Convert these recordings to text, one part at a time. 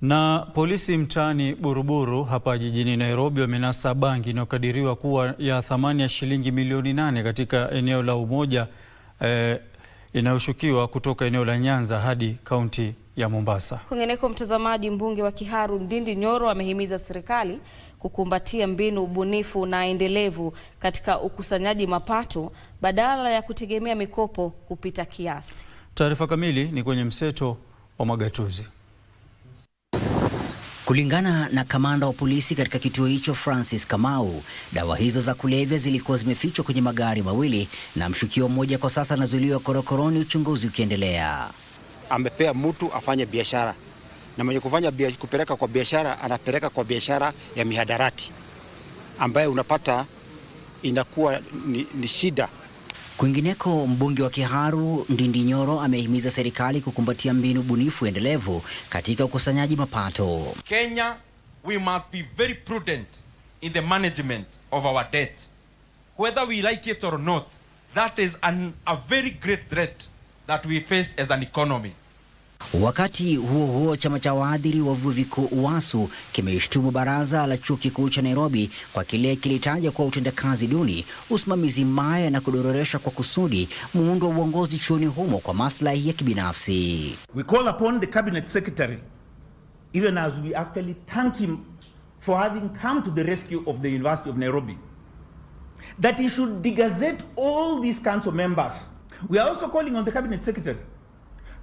Na polisi mtaani Buruburu hapa jijini Nairobi wamenasa bangi inayokadiriwa kuwa ya thamani ya shilingi milioni nane katika eneo la Umoja eh, inayoshukiwa kutoka eneo la Nyanza hadi kaunti ya Mombasa. Kwingineko, mtazamaji, mbunge wa Kiharu Ndindi Nyoro amehimiza serikali kukumbatia mbinu ubunifu na endelevu katika ukusanyaji mapato badala ya kutegemea mikopo kupita kiasi. Taarifa kamili ni kwenye mseto wa magatuzi. Kulingana na kamanda wa polisi katika kituo hicho Francis Kamau, dawa hizo za kulevya zilikuwa zimefichwa kwenye magari mawili na mshukiwa mmoja kwa sasa anazuiliwa korokoroni, uchunguzi ukiendelea. Amepea mtu afanye biashara na mwenye kufanya kupeleka kwa biashara anapeleka kwa biashara ya mihadarati ambayo unapata inakuwa ni, ni shida Kwingineko, mbunge wa Kiharu Ndindi Nyoro amehimiza serikali kukumbatia mbinu bunifu endelevu katika ukusanyaji mapato. Kenya, we must be very prudent in the management of our debt. Whether we like it or not, that is an, a very great threat that we face as an economy. Wakati huo huo, chama cha waadhiri wa vyuo vikuu UASU kimeishtumu baraza la chuo kikuu cha Nairobi kwa kile kilitaja kuwa utendakazi duni, usimamizi mbaya na kudororesha kwa kusudi muundo wa uongozi chuoni humo kwa maslahi ya kibinafsi. We call upon the cabinet secretary even as we actually thank him for having come to the rescue of the University of Nairobi that he should degazette all these council members. We are also calling on the cabinet secretary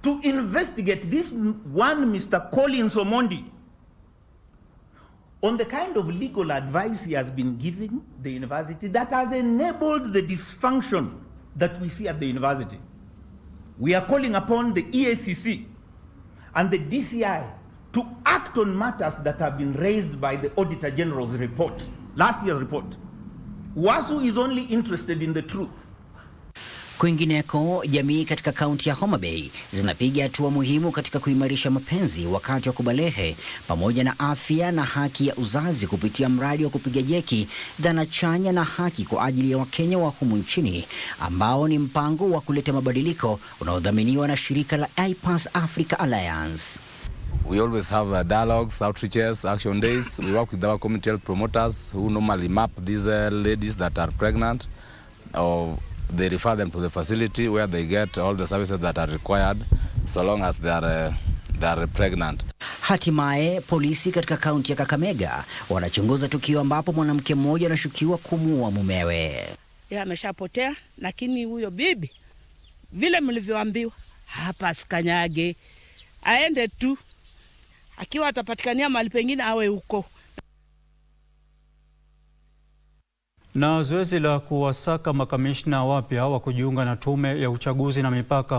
to investigate this one Mr. Collins Omondi on the kind of legal advice he has been giving the university that has enabled the dysfunction that we see at the university. We are calling upon the EACC and the DCI to act on matters that have been raised by the Auditor General's report, last year's report. WASU is only interested in the truth. Kwingineko, jamii katika kaunti ya Homa Bay zinapiga hatua muhimu katika kuimarisha mapenzi wakati wa kubalehe pamoja na afya na haki ya uzazi kupitia mradi wa kupiga jeki dhana chanya na haki kwa ajili ya Wakenya wa humu nchini ambao ni mpango wa kuleta mabadiliko unaodhaminiwa na shirika la IPAS Africa Alliance. We always have uh, dialogues, outreaches, action days. We work with our community health promoters who normally map these uh, ladies that are pregnant or they refer them to the facility where they get all the services that are required so long as they are, uh, they are pregnant. Hatimaye polisi katika kaunti ya Kakamega wanachunguza tukio ambapo mwanamke mmoja anashukiwa kumuua mumewe. Yeye ameshapotea, lakini huyo bibi vile mlivyoambiwa hapa, asikanyage aende tu, akiwa atapatikania mahali pengine awe huko. Na zoezi la kuwasaka makamishna wapya wa kujiunga na Tume ya Uchaguzi na Mipaka